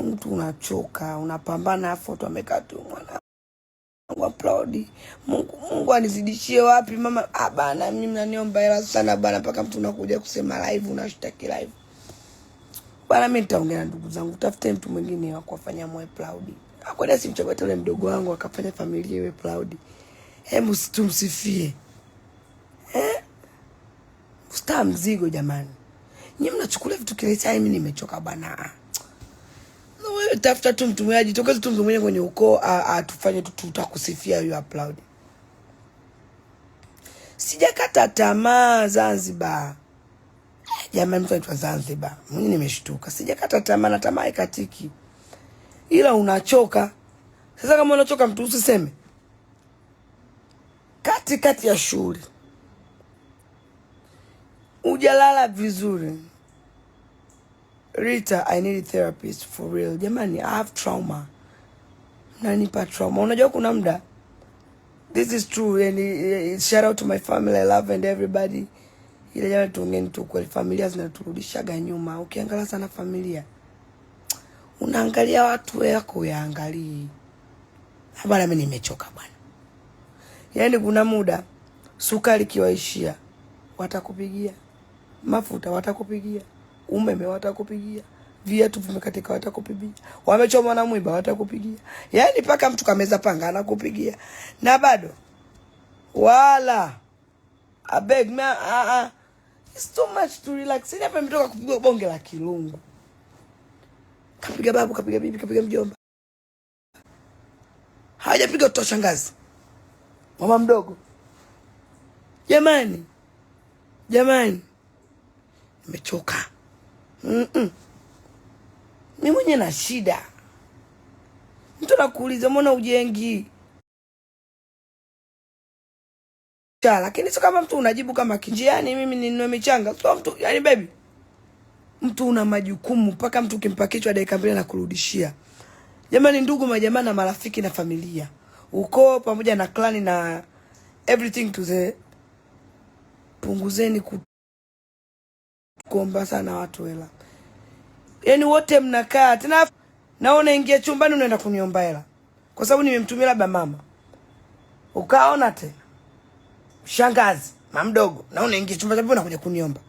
mtu unachoka, unapambana, afu watu wamekaa tu mwana aplaudi. Mungu, Mungu anizidishie wapi mama? Ah bana, mimi mnaniomba hela sana bana, mpaka mtu unakuja kusema live, unashtaki live bana. Mimi nitaongea na ndugu zangu, tafute mtu mwingine wa kuwafanya mwe proud. Akwenda si mchagua tule mdogo wangu akafanya familia iwe proud. Hebu tumsifie eh, ustaa eh, mzigo jamani, nyi mnachukulia vitu kirahisi. cha mimi nimechoka bana mtafuta tu mtumiaji, mmoja, tu mtu mmoja kwenye ukoo atufanye tu, tutakusifia hiyo upload. Sijakata tamaa Zanzibar. Jamani, mtu anaitwa Zanzibar, mimi nimeshtuka. Sijakata tamaa na tamaa ikatiki, ila unachoka sasa. Kama unachoka mtu usiseme Kati kati ya shule. ujalala vizuri Rita, I need a therapist for real. Jamani, I have trauma. Nanipa trauma. Unajua kuna muda. This is true and eh, eh, shout out to my family, I love and everybody. Ile jana tuongeni tu kweli, familia zinaturudishaga nyuma. Ukiangalia sana familia. Unaangalia watu yako yaangalii. Habari mimi nimechoka bwana. Yaani kuna muda sukari kiwaishia watakupigia, mafuta watakupigia umeme watakupigia, viatu vimekatika watakupigia, wamechoma na mwiba watakupigia, yaani paka mtu kameza panga anakupigia na bado wala a beg me a a it's too much to relax. Sasa yaani hapa nimetoka kupigwa bonge la kilungu, kapiga babu, kapiga bibi, kapiga mjomba, hajapiga mtoto shangazi, mama mdogo. Jamani, jamani, nimechoka. Mi mwenye na shida, mtu anakuuliza mbona ujengi cha, lakini sio kama mtu unajibu kama kinjiani, mimi ninunue michanga. Sio mtu yani, baby, mtu una majukumu, mpaka mtu ukimpa kichwa dakika mbili na kurudishia. Jamani, ndugu majamaa na marafiki na familia, ukoo pamoja na klani na everything to the, punguzeni ku kuomba sana watu hela. Yaani wote mnakaa tena, naona ingia chumbani unaenda kuniomba hela kwa sababu nimemtumia labda mama, ukaona tena shangazi mama mdogo, naona ingia chumbani labda unakuja kuniomba.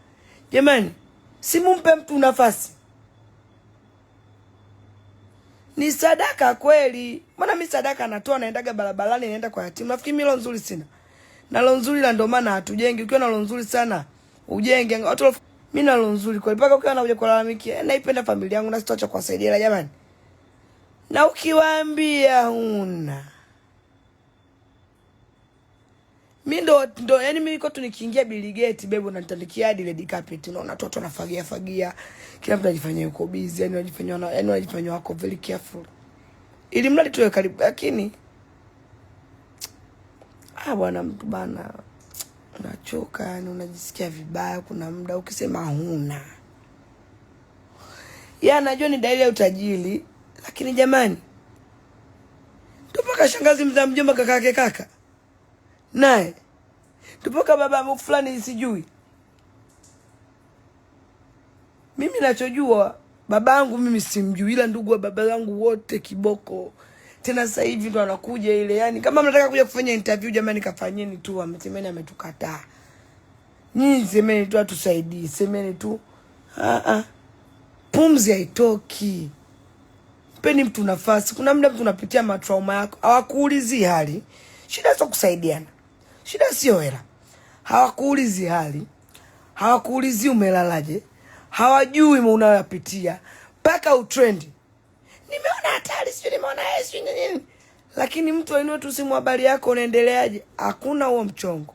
Jamani, simumpe mtu nafasi, ni sadaka kweli. Maana mimi sadaka natoa, naendaga barabarani, naenda kwa yatima. Nafikiri mimi roho nzuri sina, na roho nzuri la, ndo maana hatujengi. Ukiwa na nzuri sana ujenge watu mimi nalo nzuri kwa mpaka ukiwa unakuja kulalamikia, yaani naipenda familia yangu na sitoacha kuwasaidia jamani, na ukiwaambia huna mimi ndo ndo yani mimi niko tu nikiingia Bill Gates bebo na hadi red carpet, unaona watu wanafagia fagia, kila mtu anajifanyia yuko busy, yani anajifanyia na yani anajifanyia wako very careful, ili mradi tuwe karibu, lakini ah bwana mtu bana unachoka, yani unajisikia vibaya. Kuna muda ukisema huna, ya yaani anajua ni dalili ya utajiri, lakini jamani, tupaka shangazi, mzaa, mjomba, kaka yake, kaka naye tupaka baba fulani, sijui mimi nachojua babangu mimi simjui, ila ndugu wa baba zangu wote kiboko tena sasa hivi ndo anakuja ile. Yani kama mnataka kuja kufanya interview jamani, kafanyeni tu, amesemeni ametukataa nyinyi, semeni tu atusaidie, semeni tu ah ah, pumzi haitoki. Mpeni mtu nafasi. Kuna muda mtu unapitia matrauma yako, hawakuulizi hali. Shida sio kusaidiana, shida sio hela. Hawakuulizi hali, hawakuulizi umelalaje, hawajui unayoyapitia mpaka utrendi nimeona hatari, sijui nimeona yeye, sijui nini, lakini mtu ainue tu simu, habari yako, unaendeleaje? Hakuna huo mchongo,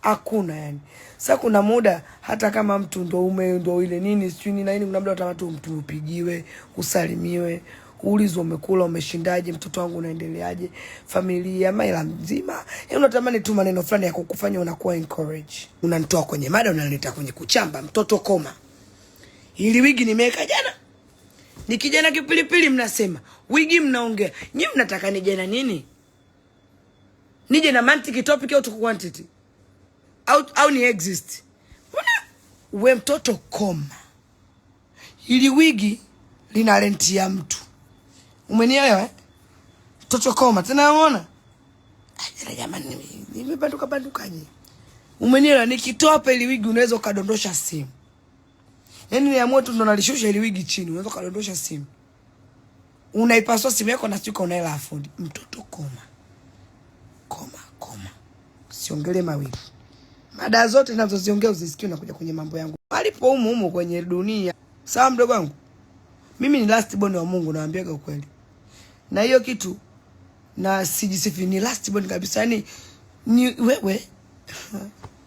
hakuna yani. Sasa kuna muda hata kama mtu ndo ume ndo ile nini sijui nini na nini, kuna muda utamatu mtu upigiwe, usalimiwe uulizwe umekula, umeshindaje, mtoto wangu unaendeleaje, familia maila mzima. Yaani unatamani tu maneno fulani ya kukufanya unakuwa encourage, unanitoa kwenye mada, unanileta kwenye kuchamba. Mtoto koma. Ili wigi nimeweka jana. Ni kijana kipilipili mnasema. Wigi mnaongea. Nyi mnataka nije na nini? Nije na mantiki topic au to quantity? Au au ni exist? Mbona we mtoto koma? Ili wigi lina renti ya mtu. Umenielewa eh? Mtoto koma tena unaona? Ajira jamani nimebanduka banduka nyi. Umenielewa nikitoa hapa ili wigi unaweza ukadondosha simu. Yaani ya moto ndo nalishusha ile wigi chini, unaweza kadondosha simu. Unaipasua simu yako na sio siko unaela afford. Mtoto koma. Koma koma. Usiongelee mawili. Mada zote ninazoziongea uzisikie unakuja kwenye mambo yangu. Alipo humu humu kwenye dunia. Sawa mdogo wangu. Mimi ni last born wa Mungu nawaambiaga ukweli. Na hiyo kitu na sijisifi ni last born kabisa. Yaani ni wewe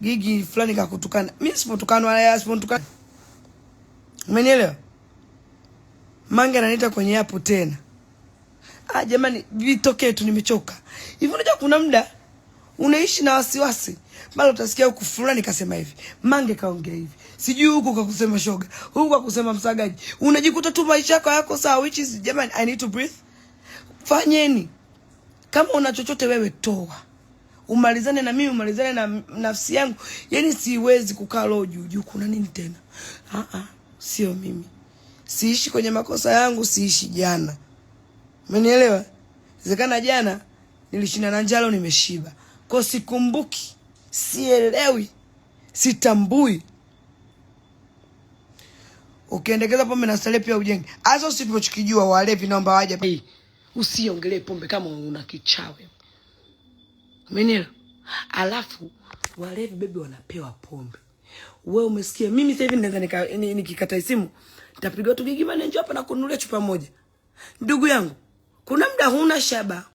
gigi fulani kakutukana. Mimi sipotukana wala yeye sipotukana. Umenielewa? Mange ananiita kwenye hapo tena. Ah, jamani vitokee tu nimechoka. Hivi unajua kuna muda unaishi na wasiwasi. Mara utasikia huku fulani kasema hivi, Mange kaongea hivi. Sijui huku kakusema shoga, huku kakusema msagaji. Unajikuta tu maisha yako yako sawa which is jamani I need to breathe. Fanyeni. Kama una chochote wewe toa umalizane na mimi, umalizane na nafsi yangu. Yani siwezi kukaa roho juu juu, kuna nini tena? Ah ah, sio mimi, siishi kwenye makosa yangu, siishi jana. Umenielewa? Zekana jana nilishinda na njalo, nimeshiba kwa sikumbuki, sielewi, sitambui. Ukiendekeza okay, pombe na starehe pia ujenge. Hasa usipochukijua walevi, naomba waje. Hey, usiongelee pombe kama una kichawi. Umeelewa? Alafu walevi bebe wanapewa pombe. Wewe umesikia? Mimi sasa hivi naweza nikikata simu nitapiga tu gigi manager hapa na kununulia chupa moja. Ndugu yangu, kuna muda huna shaba.